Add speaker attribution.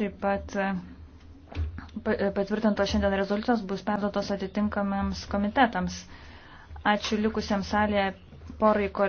Speaker 1: Taip pat e, e, patvirtintos šiandien rezultatas bus perduotos atitinkamiems komitetams. Ačiū likusiems salėje
Speaker 2: porai kolegų.